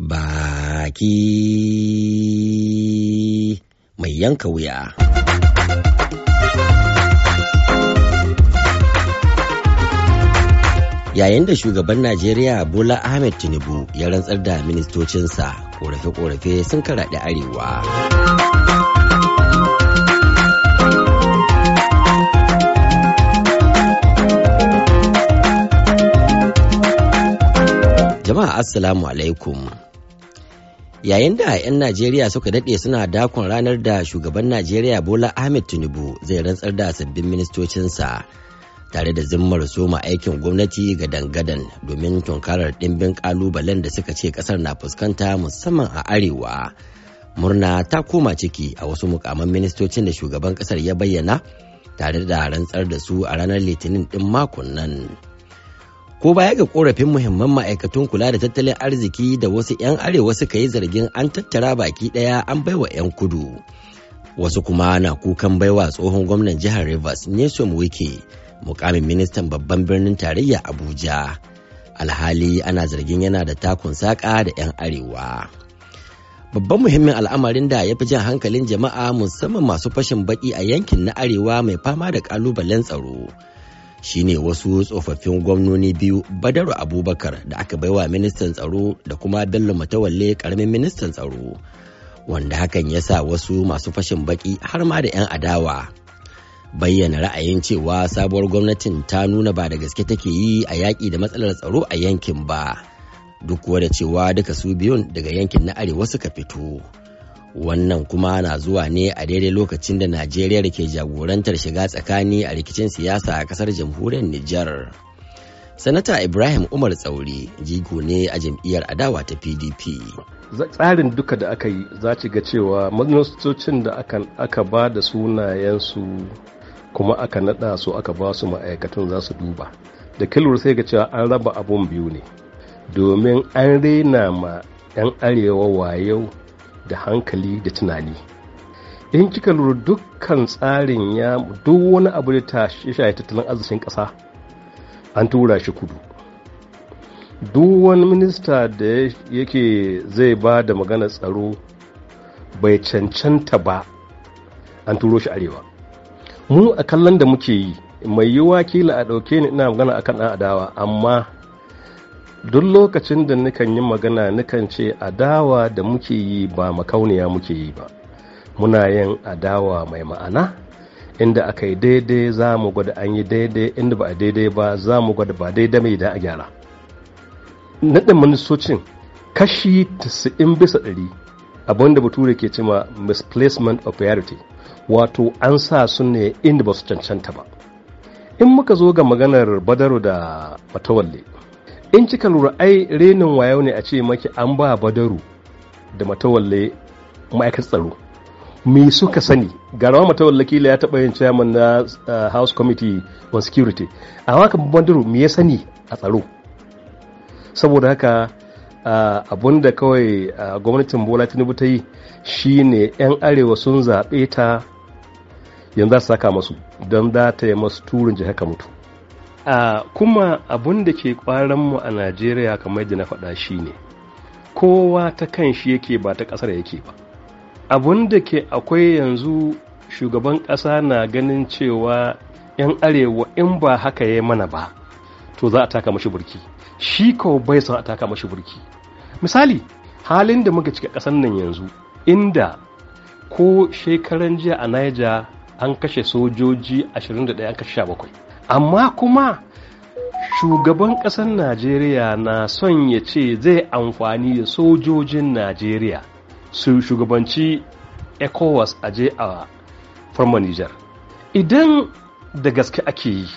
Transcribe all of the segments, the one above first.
baki mai yanka wuya. Yayin da shugaban Najeriya Bola Ahmed Tinubu ya rantsar da ministocinsa korafe-korafe sun karaɗe arewa. Jama'a Assalamu alaikum. yayin da 'yan najeriya suka daɗe suna dakon ranar da shugaban najeriya bola ahmed tinubu zai rantsar da sabbin ministocinsa tare da zimmar soma aikin gwamnati ga dangadan domin tunkarar ɗimbin ƙalubalen da suka ce ƙasar na fuskanta musamman a arewa murna ta koma ciki a wasu mukaman ministocin da shugaban ƙasar ya bayyana tare da rantsar da su a ranar litinin ɗin makon nan. ko baya ga korafin muhimman ma'aikatun kula da tattalin arziki da wasu 'yan arewa suka yi zargin an tattara baki ɗaya an baiwa 'yan kudu wasu kuma na kukan baiwa tsohon gwamnan jihar rivers nyesom wike mukamin ministan babban birnin tarayya abuja alhali ana zargin yana da takun saƙa da 'yan arewa babban muhimmin al'amarin da ya fi jan hankalin jama'a musamman masu fashin baki a yankin na arewa mai fama da ƙalubalen tsaro shine wasu tsofaffin gwamnoni biyu badaru abubakar da aka baiwa ministan tsaro da kuma bello matawalle karamin ministan tsaro wanda hakan ya sa wasu masu fashin baki har ma da 'yan adawa bayyana ra'ayin cewa sabuwar gwamnatin ta nuna ba da gaske take yi a yaƙi da matsalar tsaro a yankin ba duk da cewa duka su biyun daga yankin na arewa suka fito. wannan kuma na zuwa ne a daidai lokacin da najeriya ke jagorantar shiga tsakani a rikicin siyasa a kasar jamhuriyar nijar sanata ibrahim umar tsauri jigo ne a jam'iyyar adawa ta pdp tsarin duka da aka yi za ci ga cewa ministocin da aka ba da sunayensu kuma aka nada su aka ba su ma'aikatan za su duba da kilur sai ga cewa an raba abun biyu ne domin an rena ma 'yan arewa wayau da hankali da tunani in kika lura dukkan tsarin ya duk wani abu da ta shaye tattalin arzikin ƙasa an tura shi kudu duk wani minista da yake zai ba da magana tsaro bai cancanta ba an turo shi arewa mu a kallon da muke yi mai yiwa kila a ɗauke ni ina magana akan ɗan adawa amma duk lokacin da nukan yi magana nukan ce adawa da muke yi ba makauniya muke yi ba muna yin adawa mai ma'ana inda aka yi daidai za mu gwada an yi daidai inda ba a daidai ba za mu gwada ba daidai mai da a gyara naɗin ministocin kashi 90 bisa ɗari abinda bature ke cima misplacement of priority wato an sa su ne inda ba su cancanta ba in muka zo ga maganar badaru da matawalle in cika lura ai renin wayo ne a ce maki an ba badaru da matawalle ma'aikatar tsaro me suka sani garawa matawalle kila ya taɓa yin chairman na eh, house committee on security a kan badaru me ya sani a tsaro saboda haka eh, abun da kawai eh, gwamnatin bola tinubu ta yi shine 'yan arewa sun zaɓe ta yanzu za su saka masu don za ta yi masu turin jihar ka mutu a kuma abun da ke mu a najeriya kamar da na faɗa shi ne kowa ta kan shi yake ba ta ƙasar yake ba abun da ke akwai yanzu shugaban ƙasa na ganin cewa 'yan arewa in ba haka ya mana ba to za a taka mashi burki shi kawo bai son a taka mashi burki misali halin da muka cika ƙasar nan yanzu inda ko shekaran jiya a niger an kashe sojoji 21 an kashe 17 amma kuma shugaban ƙasar najeriya na son ya ce zai amfani da sojojin najeriya su shugabanci ecowas a je a farma nijar idan da gaske ake yi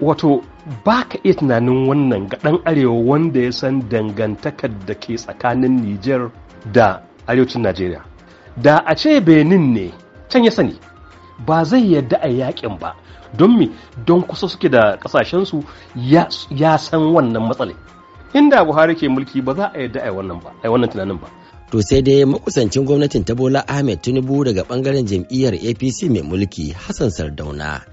wato ba ka iya tunanin wannan ga ɗan arewa wanda ya san dangantakar da ke tsakanin nijar da arewacin najeriya da a ce benin ne can ya sani ba zai yadda a yakin ba don me don kusa suke da kasashensu ya san wannan matsala inda buhari ke mulki ba za a yadda a wannan ba a wannan tunanin ba to sai dai makusancin gwamnatin ta bola ahmed tinubu daga bangaren jam'iyyar apc mai mulki hassan sardauna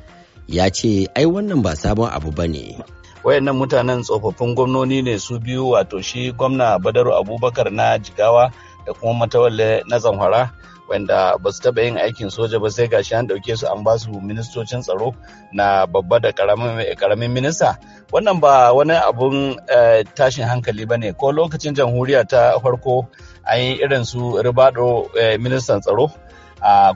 ya ce ai wannan ba sabon abu ba ne wayannan mutanen tsofaffin gwamnoni ne su biyu wato shi gwamna badaru abubakar na jigawa da kuma matawalle na zamfara wanda ba su taɓa yin aikin soja ba sai gashi an ɗauke su an ba su ministocin tsaro na babba da karamin eh, minista wannan ba wani abun eh, tashin hankali ba ne ko lokacin jamhuriya ta farko an yi irin su ribado eh, ministan tsaro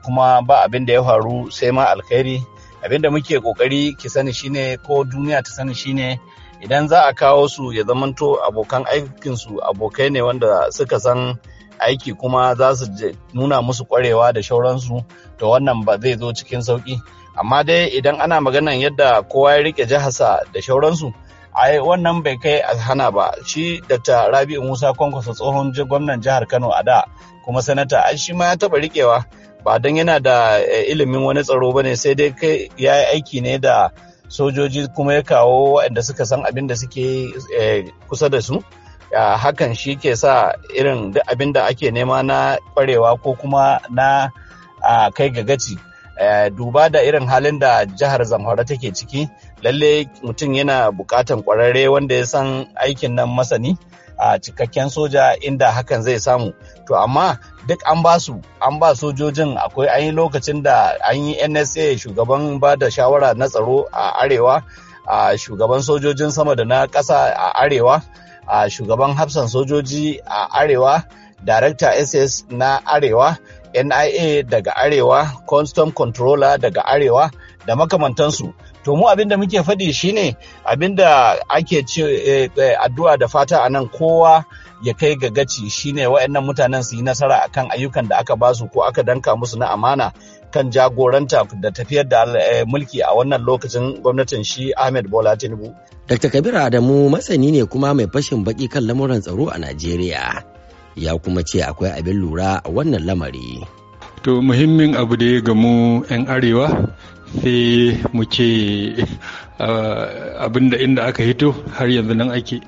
kuma ba abin da ya faru sai ma alkhairi abin da muke kokari ki sani shine ko duniya ta sani shine idan za a kawo su ya zamanto abokan aikinsu abokai ne wanda suka san aiki kuma za su nuna musu kwarewa da shauransu to wannan ba zai zo cikin sauki amma dai idan ana maganan yadda kowa ya rike jiharsa da shauransu ai wannan bai kai a hana ba shi ta rabi'u musa kwankwasa tsohon gwamnan jihar kano a da kuma sanata ai shi ma ya taba rikewa ba don yana da eh, ilimin wani tsaro ba ne sai dai kai ya yi aiki ne da sojoji kuma ya kawo waɗanda suka san abin da suke eh, kusa da su a hakan shi ke sa irin abin da ake nema na kwarewa ko kuma na kai ga gaci duba da irin halin da jihar zamfara take ciki lalle mutum yana bukatan kwararre wanda ya san aikin nan masani a cikakken soja inda hakan zai samu to amma duk an ba su an ba sojojin akwai an yi lokacin da an yi nsa shugaban ba da shawara na tsaro a arewa a shugaban sojojin sama da na ƙasa a arewa a shugaban hafsan sojoji a arewa director ss na arewa nia daga arewa custom controller daga arewa da makamantansu to mu abin da muke faɗi shine abin da ake ce eh, eh, addu'a da fata a nan kowa ya kai ga gaci shine waɗannan mutanen su yi nasara akan ayyukan da aka basu ko aka danka musu na amana kan jagoranta da tafiyar da eh, mulki a wannan lokacin gwamnatin shi Ahmed Bola Tinubu. Dr. Kabiru Adamu masani ne kuma mai fashin baki kan lamuran tsaro a Najeriya. Ya kuma ce akwai abin lura a wannan lamari. To muhimmin abu da ya gamu 'yan arewa sai mu ce ah, abinda inda aka hito har yanzu nan ake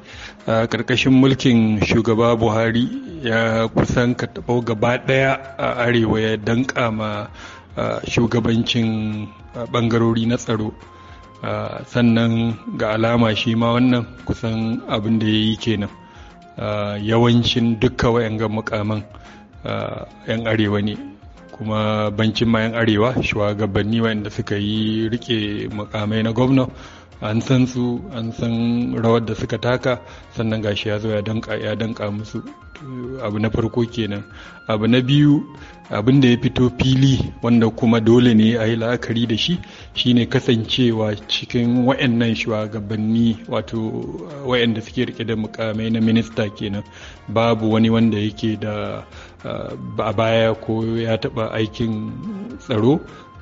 a ƙarƙashin mulkin shugaba buhari ya kusan ka taɓo gaba ɗaya a arewa ya danƙa ma ah, shugabancin ah, ɓangarori na tsaro sannan ga alama shi ma wannan kusan abin da ya yi kenan yawancin dukka wayan mukaman 'yan arewa ne kuma bankin mayan arewa shugabanni wanda suka yi rike mukamai na gwamna an san su an san rawar da suka taka sannan gashi ya zo ya danka ya danka musu abu na farko kenan abu na biyu abin da ya fito fili wanda kuma dole ne a yi la'akari da shi shine kasancewa cikin wayannan shugabanni wato wayanda suke rike da mukamai na minista kenan babu wani wanda yake da a baya ko ya taba aikin tsaro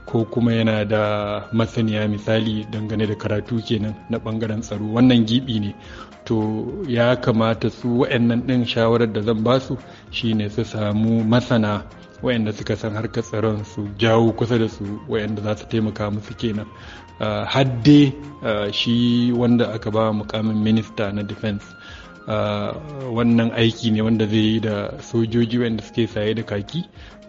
ko kuma yana da masaniya misali dangane da karatu kenan na bangaren tsaro wannan gibi ne to ya kamata su wa'annan ɗin shawarar da zan basu shine su samu masana wa'anda suka san harkar tsaron su jawo kusa da su wa'anda za su taimaka musu kenan ah, hadde ah, shi wanda aka ba mukamin minista na defense ah, wannan aiki ne wanda zai yi da sojoji wanda suke saye da kaki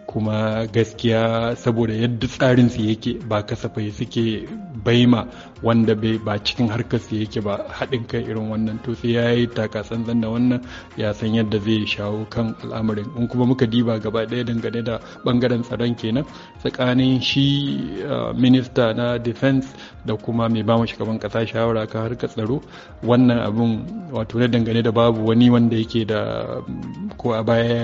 kuma gaskiya saboda yadda tsarin su yake ba kasafai suke baima wanda bai ba cikin harkar su yake ba haɗin kai irin wannan to sai ya yi takatsantsan da wannan ya san yadda zai shawo kan al'amarin in kuma muka diba gaba ɗaya dangane da bangaren tsaron kenan tsakanin shi uh, minista na defense da kuma mai bamu shugaban kasa shawara kan harkar tsaro wannan abin wato na dangane da babu wani wanda yake da ko a baya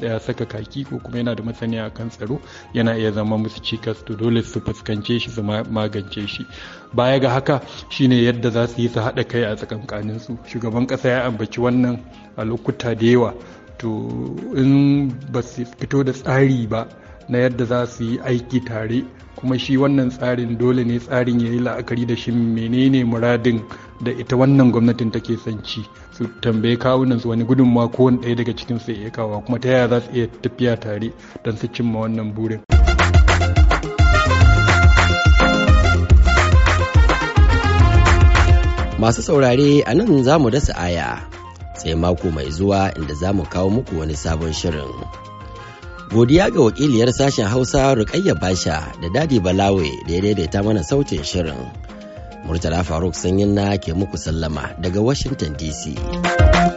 ya saka kaki ko kuma yana da masaniya kan tsaro yana iya zama musu cikas to dole su fuskance shi su magani. tantance shi baya ga haka shine yadda za su yi su haɗa kai a tsakankanin su shugaban ƙasa ya ambaci wannan a lokuta da yawa to in ba su fito da tsari ba na yadda za su yi aiki tare kuma shi wannan tsarin dole ne tsarin ya yi la'akari da shi menene muradin da ita wannan gwamnatin take son ci su tambaye kawunan su wani gudunmawa ko wani ɗaya daga cikin su ya kawo kuma ta yaya za su iya tafiya tare don su cimma wannan burin. Masu saurare a nan za mu dasa aya sai mako mai zuwa inda za mu kawo muku wani sabon shirin. Godiya ga wakiliyar sashen Hausa Rukayya Basha da Dadi Balawe da ya daidaita mana sautin shirin. Murtala Faruk Sanyin na ke muku sallama daga Washington DC.